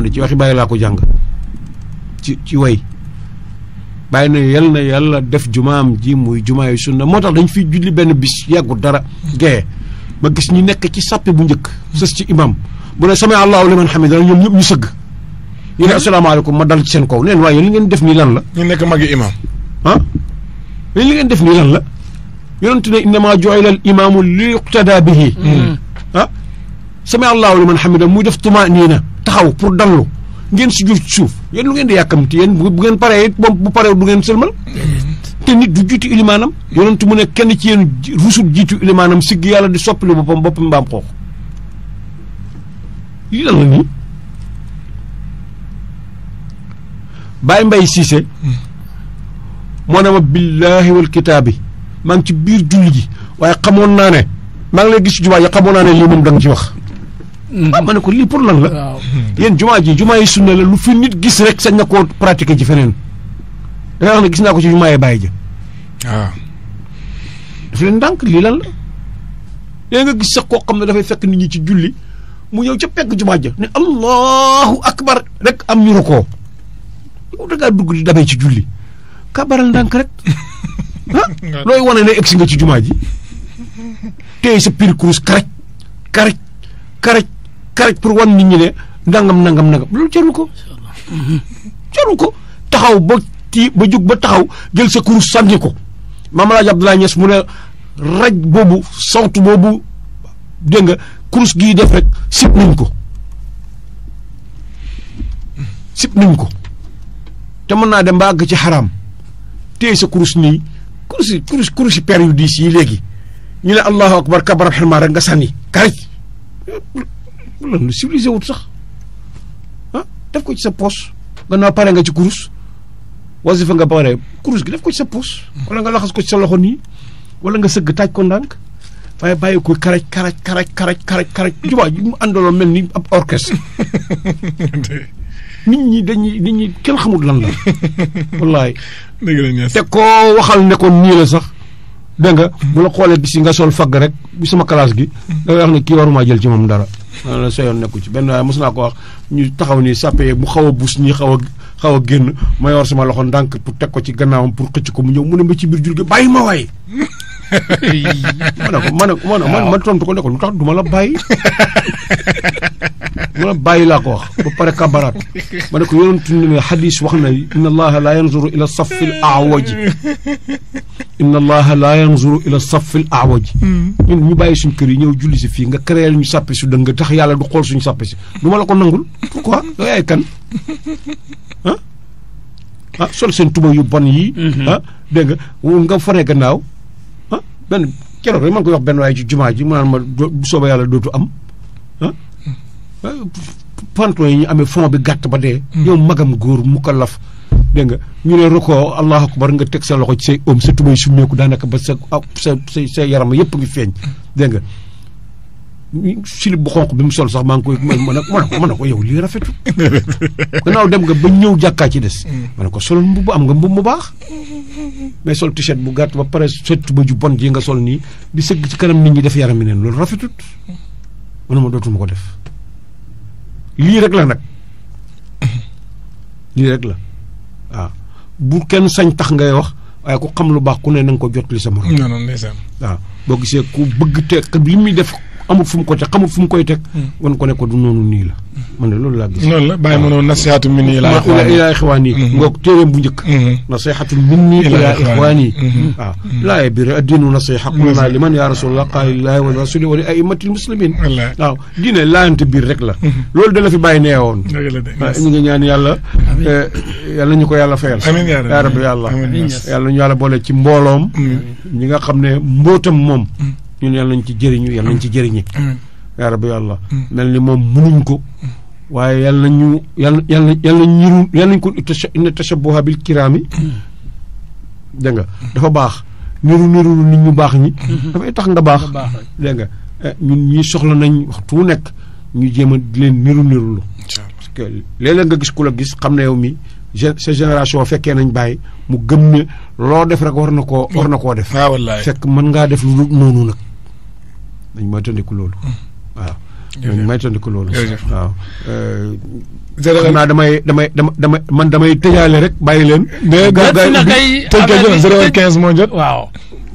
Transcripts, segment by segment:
sukkandiku ci waxi bàyyi laa ko jàng ci ci way bàyyi na yal na yàlla def jumaa jumaam ji muy jumaa yu sunna moo tax dañ fi julli benn bis yàggul dara gee ma gis ñi nekk ci sàppe bu njëkk sës ci imam bu ne sami allahu liman hamida ñëpp ñu sëgg ñu ne asalaamaaleykum ma dal ci seen kaw neen waaye li ngeen def nii lan la ñu nekk magi imam ah li ngeen def nii lan la yonentu ne innama ju'ila al imaamu li yuqtada bihi hmm. ah sami allahu liman hamida muy def tumaaniina taxaw pour dallu ngeen si jur ci suuf yéen lu ngeen di yàkkamti yéen bu ngeen paree it bu paree du ngeen sëlmal te nit du jiitu ilimaanam yonent mu ne kenn ci yéen rusul jiitu ilimaanam sigg yàlla di soppali boppam boppam mbaam xoox lii lan la nii Baye Mbaye Cissé moo ne billaahi wal kitaabi maa ci biir julli ji waaye xamoon naa ne maa ngi lay gis ci yi xamoon naa ne lii moom da ci wax Mm. ah ma ne ko lii pour lan la. yéen jumaa ji jumaa yi sunna la lu fi nit gis rek sa na koo pratiquer ci feneen. da nga wax gis naa ko ci jumaa yi bàyyi ji. waaw. Ah. daf leen lii lan la. léegi nga gis sax koo xam ne dafay fekk nit ñi ci julli mu ñëw ca pegg jumaa ja ne allahu akbar rek am ñu rukoo yow da dugg di dabee ci julli kabaral ndànk rek ah looy wane ne egsi nga ci jumaa ji tey sa pire kurus karaj karaj karaj karaj pour wan ni ñi ne nangam nangam nangam loolu jaru ko. jaru ko taxaw ba ti ba jug ba taxaw jël sa kurus sànni ko Maam Alaaji Abdoulaye Niass mu ne raj boobu sawtu boobu dégg nga kurus gii def rek sip nañ ko sip nañ ko te mën naa dem ba àgg ci xaraam téye sa kurus nii kurus yi kurus kurus yi per yi léegi ñu ne allahu akbar kabaram xelmaa rek nga sànni karaj loolu lu civilisé wut sax ah, def ko ci sa poche gannaaw pare nga ci kurus wasifa nga pare kurus gi def ko ci sa poche. wala nga laxas ko ci sa loxo nii wala nga sëgg taaj ko ndànk waaye bàyyi ko karaj karaj karaj karaj karaj karaj jubaa mu àndaloo mel ni ab orchestre ñi dañuy nit ñi kenn xamul lan la wallaay te koo waxal ne ko nii la sax dégg nga bu la xoolee bi si nga sol fag rek bi sama classe gi mm-hmm. da ngay wax ne kii waruma jël ci moom dara man la sa yoon nekku ci benn waaye mos naa ko wax ñu taxaw nii sàppe mu xaw buus bus ñi xaw xaw a génn ma yor sama loxo ndànk pour teg ko ci gannaawam pour xëcc ko mu ñëw mu ne ma ci biir jur gi bàyyi ma waay. ma ne ko ma ne ko man man tontu ko ne lu tax du ma la bàyyi. ma la bàyyi laa ko wax ba pare kabaraat ma ne ko yonent ne xadis wax na inna allaha la yanzuru ila safil aawaji inna allaha laa yanzuru ila safi l awaj hmm. ñun ñu bàyyi suñ kër yi ñëw julli si fii nga créel ñu sàppe si dëng nga tax yàlla du xool suñu sàppe si du ma la ko nangul pourquoi yow yaay kan ah ah sol seen tuba yu bon yi mhm. ah, dégg nga nga fone ah, benn keroog rek man koy wax benn waaye jumaa ji mu naan ma bu sooba yàlla dootu am ah, hmm. ah ñu amee fond bi gàtt ba dee hmm. yow magam góor mukallaf dégg nga ñu ne rukkoo allahu akbar nga teg sa loxo ci say oom sa tubay summeeku daanaka ba sa ah, sa sa yaram yëpp ngi feeñ dégg nga silib bu xonq bi mu sol sax maa ngi koy ma a ma ne ko yow lii rafetu gannaaw dem nga ba ñëw jàkkaa ci des mm. ma ne ko sol mbubb am nga mbubb mu baax mais sol t-shirt bu gàtt ba pare sett ba ju bon ji nga sol nii di sëgg ci kanam nit ñi def yaram mi neen loolu rafetut ma ne ma dootuma ko def lii rek la nag lii rek la waaw bu kenn sañ tax ngay wax waaye ku xam lu baax ku ne na ko jot li sa morom. non non ndeysaan boo gisee ku bëgg te li muy def amul fu mu ko teg xamul fu mu koy teg. Hmm. wan ko ne ko du noonu nii la. Hmm. man de loolu laa gis. noonu la bàyyi ma noonu nasiihatu minni ilaa ixwaani hmm. ngoog téeréem bu njëkk. nasiihatu minni ilaa ixwaani waaw laa biir li nasiiha qulnaa liman yaa rasulallah qaala lillaahi wa rasuli wa li aimmatil muslimin waaw diine laayante biir rek la. loolu da la fi bàyyi neewoon. ñu ngi ñaan yàlla. Eh, yàlla ñu ko yàlla fayal. amiin yaa rabbi yàlla yàlla ñu yàlla boole ci mbooloom. ñi nga xam ne mbootam moom ñun yàlla nañ ci jëriñu yàlla nañ ci jëriñi yaa rabbi yàlla mm. mel ni moom munuñ ko mm. waaye yàlla nañu yàlla yàlla yàlla nañ ñiru yàlla nañ ko inna tashabuha bil kiraami mm. dégg nga dafa baax niru niru nit baax ñi mm-hmm. tax nga baax dégg nga eh, ñun ñii soxla nañ waxtu wu nekk ñu jéem a leen niru niru lu parce que léeg nga gis ku la gis xam ne yow mi sa génération fekkee nañ bàyyi mu gëm ne loo def rek war na koo war na koo def ah, fekk mën ngaa def lu noonu nag dañ moytandiku loolu. waaw dañ moytandiku loolu. waaw. Euh, xam naa damay damay damay man damay tëjaale rek bàyyi leen. mais gars yi ka jot zéro quinze moo jot waaw.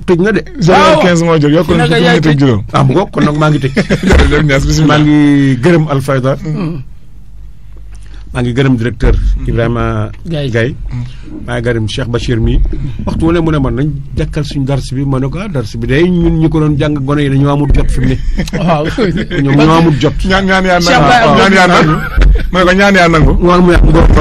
tëj na de. zéro quinze moo jot yokk nañu ko fi maa ngi tëj. maa ngi gërëm Alfayda. Mm. maa ngi gërëm directeur mhm. Ibrahima Gaye maa ngi gërëm Cheikh Bachir mi waxtu wala mu ne man nañ jàkkal suñu dars bi ma ne ko ah dars bi day ñun ñu ko doon jàng gone yi dañu amul jot fi mu ne waaw ñoom ñoo amul jot ñaan ñaan yaa nangu ñaan yaa nangu ma ne ko ñaan yaa nangu wan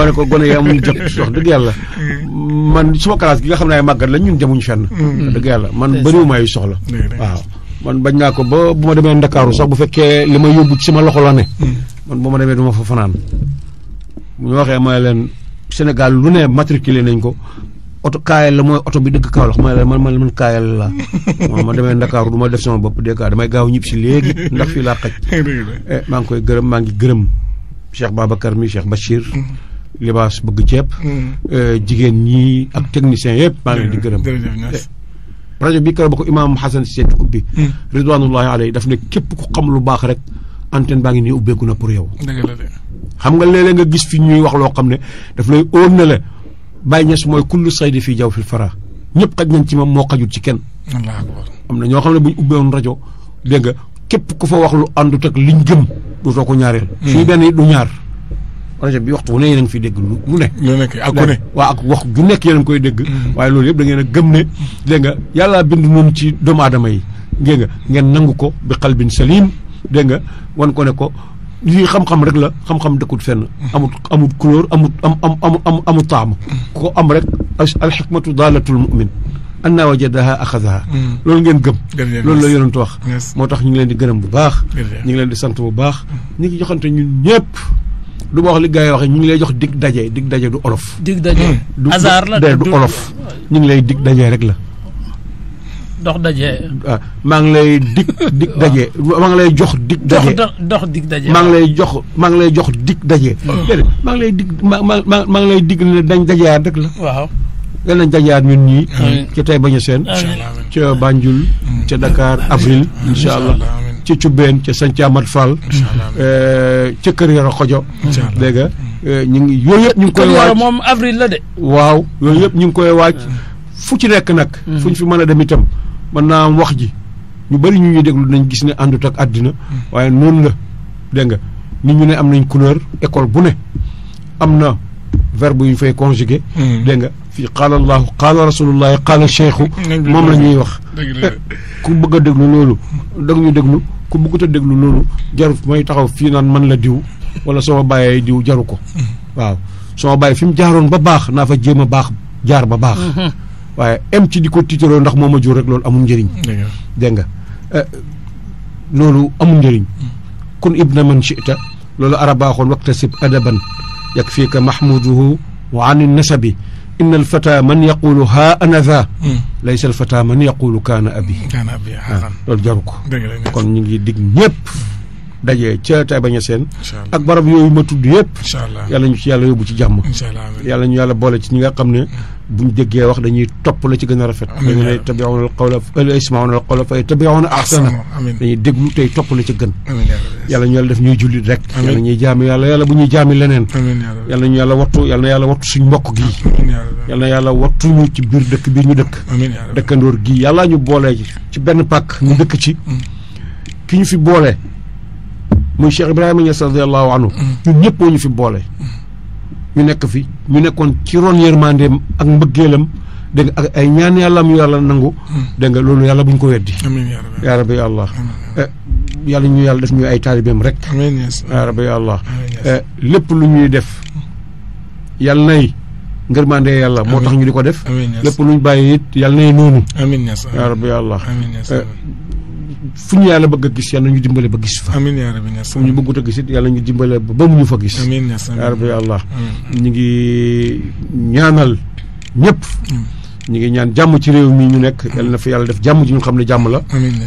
ne ko gone yi amul jot wax dëgg yàlla mhm. man suma classe gi nga xam ne ay màggat lañ ñun jamuñ fenn mhm. dëgg yàlla man bëriwuma ay soxla waaw man bañ naa ko ba bu ma demee Ndakaaru sax bu fekkee li ma yóbbu ci sama loxo la ne man bu ma demee du ma fa fanaan bu ñu waxee mooy leen Sénégal lu ne matriculé nañ ko oto kaayal la mooy oto bi dëkk Kaolack mooy leen man man man kaayal la man ma demee Ndakaaru du ma def sama bopp dégg damay gaaw ñib si léegi ndax fi laa xaj. Eh, maa ngi koy gërëm maa ngi gërëm Cheikh Babacar mi Cheikh Bachir. Mm-hmm. libaas bëgg ceeb. Mm-hmm. Eh, jigéen ñi ak techniciens yëpp. maa ngi di gërëm eh, rajo bi keroog ba ko imaam Xasan Seet ubbi. Mm. ridwanullahi alayhi daf ne képp ku xam lu baax rek antenne baa ngi nii ubbeeku na pour yow. xam nga léeg nga gis fi ñuy wax loo xam ne daf lay óor na la ña su mooy kullu saydi fi jaw fi fara ñëpp xaj nañ ci moom moo xajul ci kenn. am na ñoo xam ne bu rajo dégg nga képp ku fa wax lu àndut liñ gëm du too ko ñaareel. suñu hmm. ñaar. rajo bi waxtu wu ne yéen a fi dégg lu lu ne. ñoo nekk ak ku ak wax ju nekk yéen a koy dégg. Hmm. waaye loolu yëpp da ngeen a gëm ne. dégg nga yàllaa bind moom ci doomu aadama yi. dégg nga ngeen nangu ko bi xalbin salim dégg nga wan ko ne ko lii xam-xam rek la xam-xam dëkkut fenn. amut amut couleur amut am am am amut taam. ku ko am rek alxikmatu daalatul mu'min anna wajadaha axadaha loolu ngeen gëm loolu la yonent wax moo tax ñu ngi leen di gërëm bu baax ñu ngi leen di sant bu baax ñu ngi joxante ñun ñëpp du ma wax li gars yi waxee ñu ngi lay jox dig daje dig daje du olof dig daje hasard la du olof ñu ngi lay dig daje rek la dox daje. Ah, maa ngi lay dig dig daje. maa ngi lay jox dig daje. dox dox dig daje. maa ngi lay jox maa lay jox dig daje. Mm. déedéet maa ngi lay dig ma ma maa ngi lay dig ne dañ dajeyaat rek la. waaw yal nañ dajeyaat ñun ca tey bañ a seen. ca Banjul. Mm. ca Dakar avril. Mm. incha ca Cubbeen ca Santhiou Amath eh, ca Kër Yoro Xojo. dégg eh, ñu ngi yooyu yëpp moom avril la waaw yooyu yëpp ñu ngi koy waaj. fu ci nekk nag. fu ñu fi mën a dem itam. man naa am wax ji ñu bari ñu ñuy déglu nañ gis ne àndut ak àddina waaye noonu la dégg nga nit ñu ne am nañ couleur école bu ne am na verbe yu ñu fay conjugué hmm. dégg nga fii qaala allahu qaala rasulullahi qaala cheikhu moom la ñuy wax ku bëgg déglu loolu dag ñu déglu ku bëggut déglu loolu jaru may taxaw fii naan man la diw wala soo ma bàyyee diw jaru ko hmm. waaw soo ma bàyyi fi mu jaaroon ba baax naa fa jéem a baax jaar ba baax hmm. waaye em ci di ko tiitaroo ndax moo ma jur rek loolu amul njëriñ. Mm. dégg nga euh, loolu amul njëriñ. Mm. kun ibna man chita loolu arab baaxoon waktasib adaban yakfiika mahmuduhu wa ani nasabi inna al fata man yaqulu ha ana za mm. laysa al fata man yaqulu kaana abi ah, loolu jaru ko kon ñu ngi dig ñëpp daje ca Taïba Niassène ak barab yooyu ma tudd yëpp yàlla ñu ci yàlla yóbbu ci jàmm yàlla ñu yàlla boole ci ñi nga xam ne bu ñu déggee wax dañuy topp la ci gën a rafet dañu ne tabiuuna al qawla al ismauna al qawla fa tabiuuna ahsana dañuy déglu tey topp la ci gën yàlla ñu yàlla def ñuy jullit rek yàlla ñuy jaami yàlla yàlla bu ñuy jaami leneen yàlla ñu yàlla wattu yàlla yàlla wattu suñu mbokk gii yàlla na yàlla wattu ñu ci biir dëkk biir ñu dëkk dëkkandoor gi yàlla ñu boolee ci benn pàkk ñu dëkk ci mm. ki ñu fi boole muy Cheikh Ibrahima Niass radiallahu anhu mm. ñun ñëpp ñu fi boole mm. ñu nekk fi ñu nekkoon ci ron yërmandeem ak mbëggeelam dégg nga ak ay ñaan yàlla am yu yàlla nangu. dégg nga loolu yàlla bu ñu ko weddi. amiin yaa rabbi allah eh, yàlla ñu yàlla def ñu ay taalibeem rek. amiin yaa rabbi allah eh, lépp lu ñuy def yàlla nay. ngërmande yàlla moo tax ñu di ko def. lépp lu ñu bàyyi it yàlla nay noonu. amiin yaa rabbi allah eh, fu ñu yàlla bëgg a gis yàlla ñu dimbale ba gis fa amiin yaa rabbi fu ñu bëggut a gis it yàlla ñu dimbale ba mu ñu fa gis amiin yaa rabbi allah ñu ngi ñaanal ñëpp mm. ñu ngi ñaan jàmm ci réew mi ñu nekk mm. yàlla na fa yàlla def jàmm ji ñu xam ne jàmm la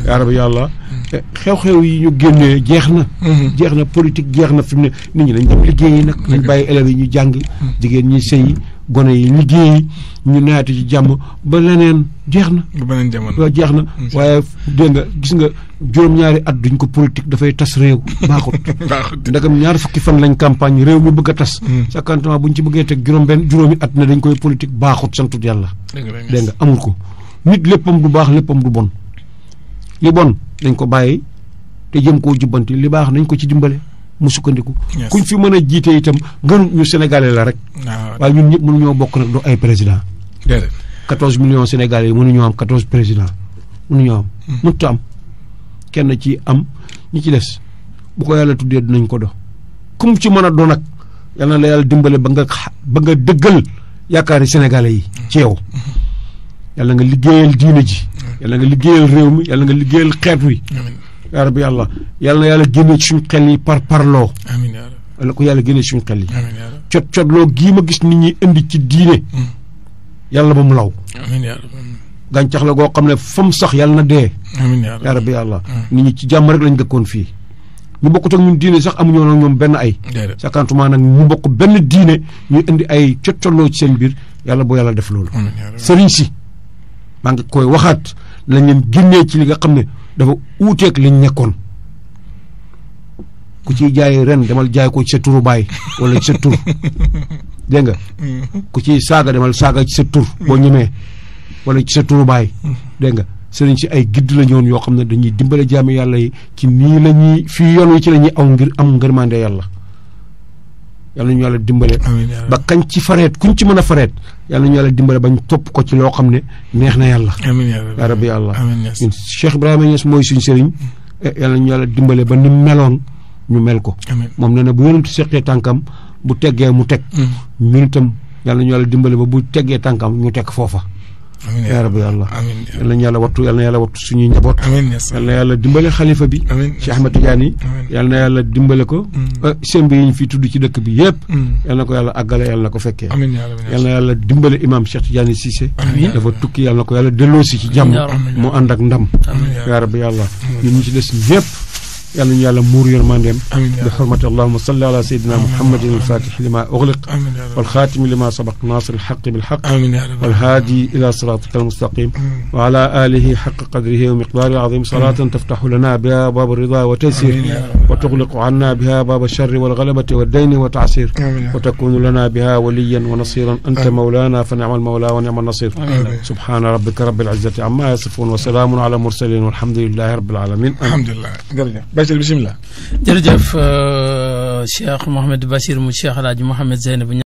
yaa rabbi yàlla mm. eh, xew-xew yi ñu génnee jeex na mm-hmm. jeex na politique jeex na fi mu ne nit ñi nañ dem liggéeyi nag nañ mm-hmm. bàyyi élèves yi ñu jàng jigéen ñi sëy gone yi liggéeyi ñu naatu ci jàmm ba leneen jeex na bu beneen jamono waaw jeex na waaye dégg nga gis nga juróom-ñaari at duñ ko politique dafay tas réew baaxut baaxut ndagam ñaari fukki fan lañ campagne réew mi bëgg a tas hmm. sàkkantement buñ ci bëggee teg juróom benn juróomi at ne dañ koy politique baaxut santu yàlla dégg nga amul ko nit léppam du baax léppam du bon li bon dañ ko bàyyi te jëm koo jubbanti li baax nañ ko ci dimbale mu sukkandiku ku ñu fi mën a jiite itam gënu ñu sénégalais la rek ah, waaye ñun ñëpp mënu ñoo bokk nag doo ay président 14 millions Sénégalais yi mënuñoo am 14 présidents mënuñoo am. Hmm. mënut am kenn ci am ñi ci des bu ko yàlla tuddee dinañ ko dox. comme ci mën a doon nag yal na yàlla dimbale ba nga ba nga dëggal yaakaari Sénégalais yi. Hmm. ci yow yàlla nga liggéeyal diine ji. Hmm. yàlla nga liggéeyal réew mi yàlla nga liggéeyal xeet wi. yaa rabbi yàlla yàlla na yàlla génne ci suñu xel yi par parloo. amiin yàlla ko yàlla génne ci suñu xel yi. amiin cot cotloo gii ma gis nit ñi indi ci diine. yàlla ba mu law. amiin gàncax la goo xam ne fa sax yàlla na dee. amiin yaa rabbi yàlla. Mm. nit ñi ci jàmm rek lañ dëkkoon fii. ñu bokkut ak ñun diine sax amuñu woon ñoom benn ay. déedéet sakantuma nag ñu bokk benn diine ñu indi ay cottaloo ci seen biir yàlla boo yàlla def loolu. sëriñ si maa ngi koy waxaat lañ leen génnee ci li nga xam ne dafa uuteeg liñ nekkoon. ku ciy jaay ren demal jaay ko ci sa turu baay wala ci sa tur. dégg nga. Mm-hmm. ku ci saaga demal saaga ci sa tur. boo ñemee mm-hmm. wala ci sa turu baay. Mm-hmm. dégg nga sëriñ si ay gidd la ñoon yoo xam ne dañuy dimbale jaami yàlla yi ci nii la ñuy fii yoon wi ci la ñuy aw ngir am ngërmande yàlla. yàlla yàlla dimbale. ba kañ ci fareet kuñ ci mën a fareet. yàlla ñu yàlla dimbale bañ topp ko ci loo xam ne neex na yàlla. amiin yaa rabbi yàlla ñun Cheikh Ibrahima Niass mooy suñu sëriñ. Eh, yàlla ñu yàlla dimbale ba ni meloon ñu mel ko. moom nee na bu yonent seqee tànkam bu teggee mu teg. Mm. ñun itam yàlla ñu yàlla dimbale ba bu teggee tànkam ñu teg foofa. amiin yaa rabbi yàlla yal nañu yàlla wattu yal na yàlla wattu suñuy njaboot yal na yàlla dimbale xalifa bi Cheikh Ahmed Tidiane yi yal na yàlla dimbale ko mm. eh, sëmb yi ñu fi tudd ci dëkk bi yëpp mm. yal na ko yàlla àggale yal na ko fekkee yal na yàlla dimbale imam Cheikh Tidiane Cissé dafa tukki yal na ko yàlla delloosi ci jàmm mu ànd ak ndam yaa rabbi yàlla ñun ñu ci des ñëpp yàlla ñu yàlla muur yërmandeem bi xurmati allahuma salli ala sayidina muhammadin alfatix lima uxliq walxaatimi lima sabaq nasir alxaqi bilxaq walhaadi ila siratika almustaqim wa ala alihi xaqa qadrihi wa miqdaari alazim salatan taftaxu lana biha baab rida wa taysir وتغلق عنا بها باب الشر والغلبة والدين والتعسير وتكون لنا بها وليا ونصيرا أنت آمين. مولانا فنعم المولى ونعم النصير آمين. سبحان ربك رب العزة عما يصفون وسلام على المرسلين والحمد لله رب العالمين الحمد لله jërëjëf Bachir bisimilah jërëjëf Cheikh Mouhamed Bachir mu Cheikh El Hadj Mouhamed Zeynab